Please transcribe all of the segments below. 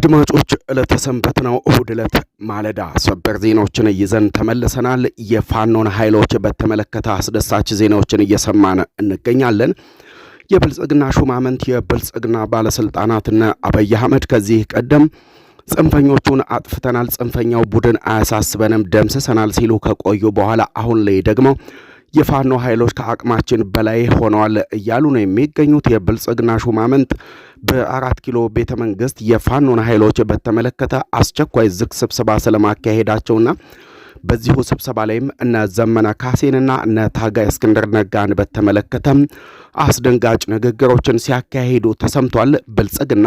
አድማጮች እለተሰንበት ነው። እሁድ ዕለት ማለዳ ሰበር ዜናዎችን ይዘን ተመልሰናል። የፋኖን ኃይሎች በተመለከተ አስደሳች ዜናዎችን እየሰማን እንገኛለን። የብልጽግና ሹማምንት የብልጽግና ባለስልጣናትና አብይ አህመድ ከዚህ ቀደም ጽንፈኞቹን አጥፍተናል፣ ጽንፈኛው ቡድን አያሳስበንም፣ ደምስሰናል ሲሉ ከቆዩ በኋላ አሁን ላይ ደግሞ የፋኖ ኃይሎች ከአቅማችን በላይ ሆነዋል እያሉ ነው የሚገኙት የብልጽግና ሹማምንት በአራት ኪሎ ቤተ መንግስት የፋኖን ኃይሎች በተመለከተ አስቸኳይ ዝግ ስብሰባ ስለማካሄዳቸውና በዚሁ ስብሰባ ላይም እነ ዘመነ ካሴንና እነ ታጋይ እስክንድር ነጋን በተመለከተም አስደንጋጭ ንግግሮችን ሲያካሂዱ ተሰምቷል። ብልጽግና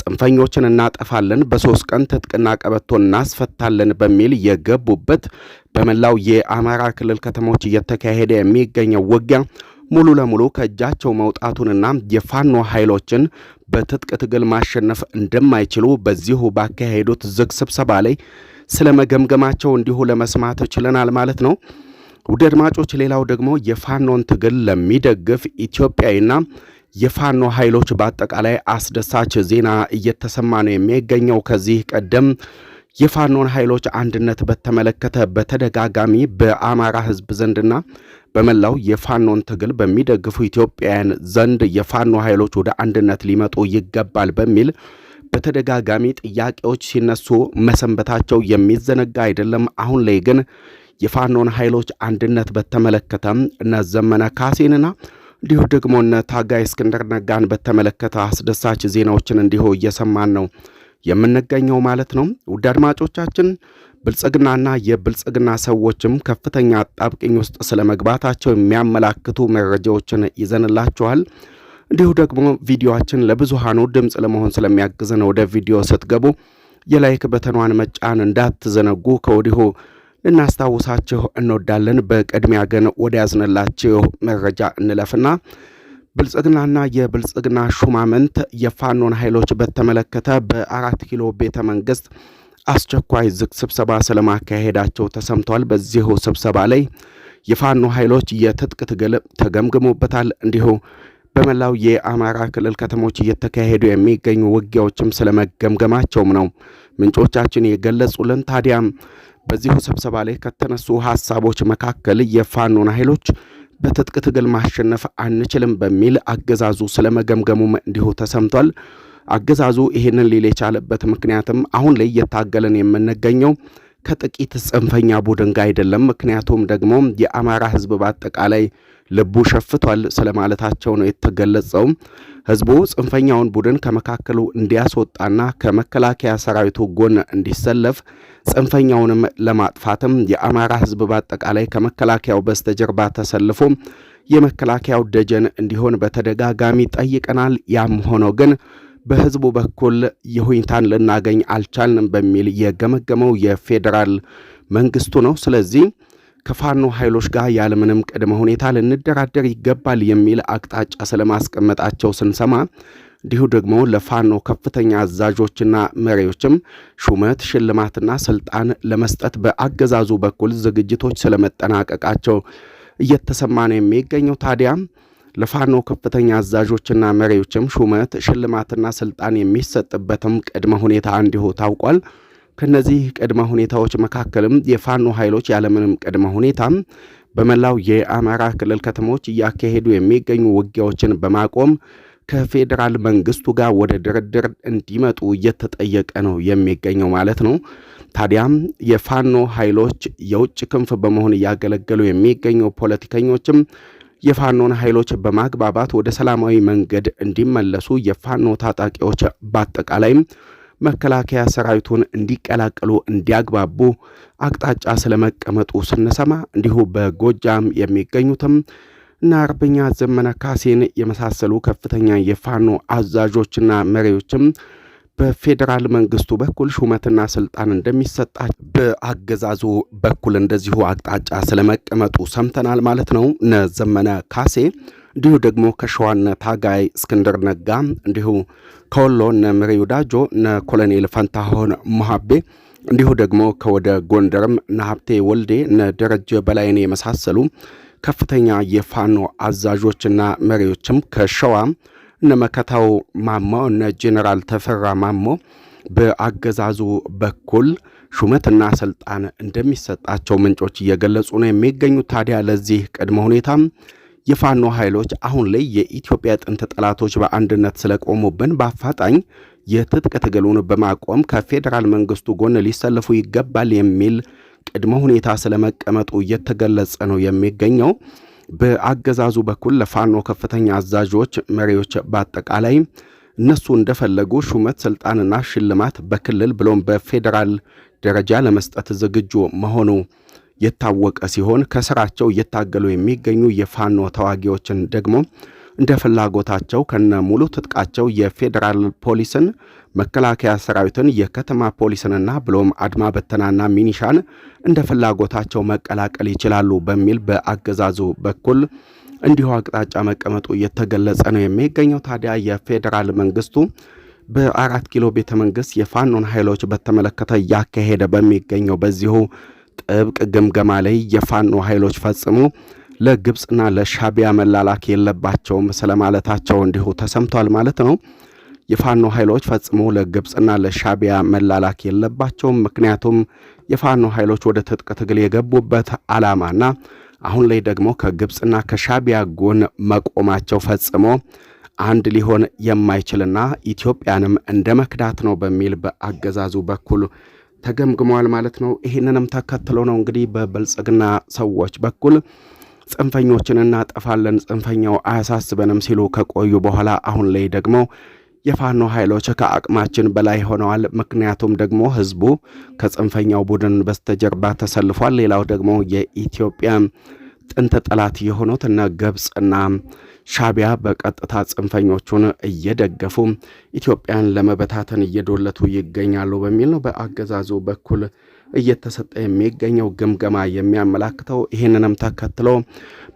ጽንፈኞችን እናጠፋለን፣ በሶስት ቀን ትጥቅና ቀበቶ እናስፈታለን በሚል የገቡበት በመላው የአማራ ክልል ከተሞች እየተካሄደ የሚገኘው ውጊያ ሙሉ ለሙሉ ከእጃቸው መውጣቱንና የፋኖ ኃይሎችን በትጥቅ ትግል ማሸነፍ እንደማይችሉ በዚሁ ባካሄዱት ዝግ ስብሰባ ላይ ስለ መገምገማቸው እንዲሁ ለመስማት ችለናል ማለት ነው። ውድ አድማጮች፣ ሌላው ደግሞ የፋኖን ትግል ለሚደግፍ ኢትዮጵያዊና የፋኖ ኃይሎች በአጠቃላይ አስደሳች ዜና እየተሰማ ነው የሚገኘው ከዚህ ቀደም የፋኖን ኃይሎች አንድነት በተመለከተ በተደጋጋሚ በአማራ ህዝብ ዘንድና በመላው የፋኖን ትግል በሚደግፉ ኢትዮጵያውያን ዘንድ የፋኖ ኃይሎች ወደ አንድነት ሊመጡ ይገባል በሚል በተደጋጋሚ ጥያቄዎች ሲነሱ መሰንበታቸው የሚዘነጋ አይደለም። አሁን ላይ ግን የፋኖን ኃይሎች አንድነት በተመለከተም እነ ዘመነ ካሴንና እንዲሁ ደግሞ እነ ታጋይ እስክንድር ነጋን በተመለከተ አስደሳች ዜናዎችን እንዲሁ እየሰማን ነው። የምንገኘው ማለት ነው። ውድ አድማጮቻችን ብልጽግናና የብልጽግና ሰዎችም ከፍተኛ አጣብቅኝ ውስጥ ስለ መግባታቸው የሚያመላክቱ መረጃዎችን ይዘንላችኋል። እንዲሁ ደግሞ ቪዲዮችን ለብዙሃኑ ድምፅ ለመሆን ስለሚያግዘን ወደ ቪዲዮ ስትገቡ የላይክ በተኗን መጫን እንዳትዘነጉ ከወዲሁ ልናስታውሳችሁ እንወዳለን። በቅድሚያ ግን ወደ ያዝንላችሁ መረጃ እንለፍና ብልጽግናና የብልጽግና ሹማምንት የፋኖን ኃይሎች በተመለከተ በአራት ኪሎ ቤተ መንግስት አስቸኳይ ዝግ ስብሰባ ስለማካሄዳቸው ተሰምቷል። በዚሁ ስብሰባ ላይ የፋኖ ኃይሎች የትጥቅ ትግል ተገምግሞበታል። እንዲሁ በመላው የአማራ ክልል ከተሞች እየተካሄዱ የሚገኙ ውጊያዎችም ስለመገምገማቸውም ነው ምንጮቻችን የገለጹልን። ታዲያም በዚሁ ስብሰባ ላይ ከተነሱ ሀሳቦች መካከል የፋኖን ኃይሎች በትጥቅ ትግል ማሸነፍ አንችልም በሚል አገዛዙ መገምገሙም እንዲሁ ተሰምቷል። አገዛዙ ይህንን ሊል የቻለበት ምክንያትም አሁን ላይ እየታገለን የምንገኘው ከጥቂት ጽንፈኛ ቡድን ጋር አይደለም፣ ምክንያቱም ደግሞ የአማራ ሕዝብ በአጠቃላይ ልቡ ሸፍቷል ስለማለታቸው ነው የተገለጸው። ህዝቡ ጽንፈኛውን ቡድን ከመካከሉ እንዲያስወጣና ከመከላከያ ሰራዊቱ ጎን እንዲሰለፍ ጽንፈኛውንም ለማጥፋትም የአማራ ህዝብ በአጠቃላይ ከመከላከያው በስተጀርባ ተሰልፎ የመከላከያው ደጀን እንዲሆን በተደጋጋሚ ጠይቀናል። ያም ሆኖ ግን በህዝቡ በኩል ይሁንታን ልናገኝ አልቻልንም በሚል የገመገመው የፌዴራል መንግስቱ ነው። ስለዚህ ከፋኖ ኃይሎች ጋር ያለምንም ቅድመ ሁኔታ ልንደራደር ይገባል የሚል አቅጣጫ ስለማስቀመጣቸው ስንሰማ እንዲሁ ደግሞ ለፋኖ ከፍተኛ አዛዦችና መሪዎችም ሹመት ሽልማትና ስልጣን ለመስጠት በአገዛዙ በኩል ዝግጅቶች ስለመጠናቀቃቸው እየተሰማ ነው የሚገኘው። ታዲያ ለፋኖ ከፍተኛ አዛዦችና መሪዎችም ሹመት ሽልማትና ስልጣን የሚሰጥበትም ቅድመ ሁኔታ እንዲሁ ታውቋል። ከነዚህ ቅድመ ሁኔታዎች መካከልም የፋኖ ኃይሎች ያለምንም ቅድመ ሁኔታ በመላው የአማራ ክልል ከተሞች እያካሄዱ የሚገኙ ውጊያዎችን በማቆም ከፌዴራል መንግስቱ ጋር ወደ ድርድር እንዲመጡ እየተጠየቀ ነው የሚገኘው ማለት ነው። ታዲያም የፋኖ ኃይሎች የውጭ ክንፍ በመሆን እያገለገሉ የሚገኙ ፖለቲከኞችም የፋኖን ኃይሎች በማግባባት ወደ ሰላማዊ መንገድ እንዲመለሱ የፋኖ ታጣቂዎች በአጠቃላይም መከላከያ ሰራዊቱን እንዲቀላቀሉ እንዲያግባቡ አቅጣጫ ስለመቀመጡ ስንሰማ እንዲሁ በጎጃም የሚገኙትም እና አርበኛ ዘመነ ካሴን የመሳሰሉ ከፍተኛ የፋኖ አዛዦችና መሪዎችም በፌዴራል መንግስቱ በኩል ሹመትና ስልጣን እንደሚሰጣቸው በአገዛዙ በኩል እንደዚሁ አቅጣጫ ስለመቀመጡ ሰምተናል ማለት ነው። እነ ዘመነ ካሴ እንዲሁ ደግሞ ከሸዋነ ታጋይ እስክንድር ነጋ እንዲሁ ከወሎ እነ ምሬው ዳጆ እነ ኮሎኔል ፈንታሆን መሀቤ እንዲሁ ደግሞ ከወደ ጎንደርም እነ ሀብቴ ወልዴ እነ ደረጀ በላይን የመሳሰሉ ከፍተኛ የፋኖ አዛዦችና መሪዎችም ከሸዋ እነ መከታው ማሞ እነ ጄኔራል ተፈራ ማሞ በአገዛዙ በኩል ሹመትና ስልጣን እንደሚሰጣቸው ምንጮች እየገለጹ ነው የሚገኙት። ታዲያ ለዚህ ቅድመ ሁኔታም የፋኖ ኃይሎች አሁን ላይ የኢትዮጵያ ጥንት ጠላቶች በአንድነት ስለቆሙብን በአፋጣኝ የትጥቅ ትግሉን በማቆም ከፌዴራል መንግስቱ ጎን ሊሰለፉ ይገባል የሚል ቅድመ ሁኔታ ስለመቀመጡ እየተገለጸ ነው የሚገኘው። በአገዛዙ በኩል ለፋኖ ከፍተኛ አዛዦች፣ መሪዎች በአጠቃላይ እነሱ እንደፈለጉ ሹመት፣ ስልጣንና ሽልማት በክልል ብሎም በፌዴራል ደረጃ ለመስጠት ዝግጁ መሆኑ የታወቀ ሲሆን ከስራቸው እየታገሉ የሚገኙ የፋኖ ተዋጊዎችን ደግሞ እንደ ፍላጎታቸው ከነ ሙሉ ትጥቃቸው የፌዴራል ፖሊስን፣ መከላከያ ሰራዊትን፣ የከተማ ፖሊስንና ብሎም አድማ በተናና ሚኒሻን እንደ ፍላጎታቸው መቀላቀል ይችላሉ በሚል በአገዛዙ በኩል እንዲሁ አቅጣጫ መቀመጡ እየተገለጸ ነው የሚገኘው። ታዲያ የፌዴራል መንግስቱ በአራት ኪሎ ቤተ መንግስት የፋኖን ኃይሎች በተመለከተ እያካሄደ በሚገኘው በዚሁ ጥብቅ ግምገማ ላይ የፋኖ ኃይሎች ፈጽሞ ለግብፅና ለሻቢያ መላላክ የለባቸውም ስለማለታቸው እንዲሁ ተሰምቷል ማለት ነው። የፋኖ ኃይሎች ፈጽሞ ለግብፅና ለሻቢያ መላላክ የለባቸውም። ምክንያቱም የፋኖ ኃይሎች ወደ ትጥቅ ትግል የገቡበት ዓላማና አሁን ላይ ደግሞ ከግብፅና ከሻቢያ ጎን መቆማቸው ፈጽሞ አንድ ሊሆን የማይችልና ኢትዮጵያንም እንደ መክዳት ነው በሚል በአገዛዙ በኩል ተገምግመዋል ማለት ነው። ይህንንም ተከትሎ ነው እንግዲህ በብልጽግና ሰዎች በኩል ጽንፈኞችን እናጠፋለን፣ ጽንፈኛው አያሳስበንም ሲሉ ከቆዩ በኋላ አሁን ላይ ደግሞ የፋኖ ኃይሎች ከአቅማችን በላይ ሆነዋል። ምክንያቱም ደግሞ ህዝቡ ከጽንፈኛው ቡድን በስተጀርባ ተሰልፏል። ሌላው ደግሞ የኢትዮጵያ ጥንት ጠላት የሆኑትና ግብፅና ሻቢያ በቀጥታ ጽንፈኞቹን እየደገፉ ኢትዮጵያን ለመበታተን እየዶለቱ ይገኛሉ በሚል ነው በአገዛዙ በኩል እየተሰጠ የሚገኘው ግምገማ የሚያመላክተው። ይህንንም ተከትሎ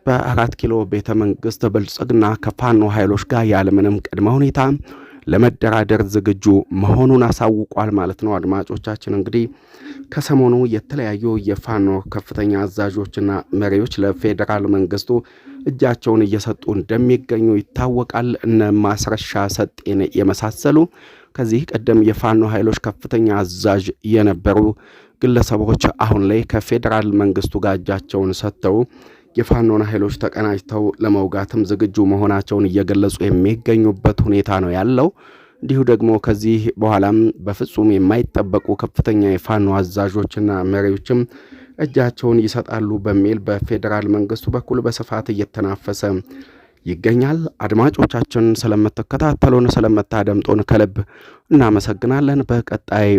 በአራት ኪሎ ቤተ መንግስት ብልጽግና ከፋኖ ኃይሎች ጋር ያለምንም ቅድመ ሁኔታ ለመደራደር ዝግጁ መሆኑን አሳውቋል ማለት ነው። አድማጮቻችን እንግዲህ ከሰሞኑ የተለያዩ የፋኖ ከፍተኛ አዛዦችና መሪዎች ለፌዴራል መንግስቱ እጃቸውን እየሰጡ እንደሚገኙ ይታወቃል። እነ ማስረሻ ሰጤን የመሳሰሉ ከዚህ ቀደም የፋኖ ኃይሎች ከፍተኛ አዛዥ የነበሩ ግለሰቦች አሁን ላይ ከፌዴራል መንግስቱ ጋር እጃቸውን ሰጥተው የፋኖን ኃይሎች ተቀናጅተው ለመውጋትም ዝግጁ መሆናቸውን እየገለጹ የሚገኙበት ሁኔታ ነው ያለው። እንዲሁ ደግሞ ከዚህ በኋላም በፍጹም የማይጠበቁ ከፍተኛ የፋኖ አዛዦችና መሪዎችም እጃቸውን ይሰጣሉ በሚል በፌዴራል መንግስቱ በኩል በስፋት እየተናፈሰ ይገኛል። አድማጮቻችን ስለምትከታተሉን ስለምታደምጡን ከልብ እናመሰግናለን። በቀጣይ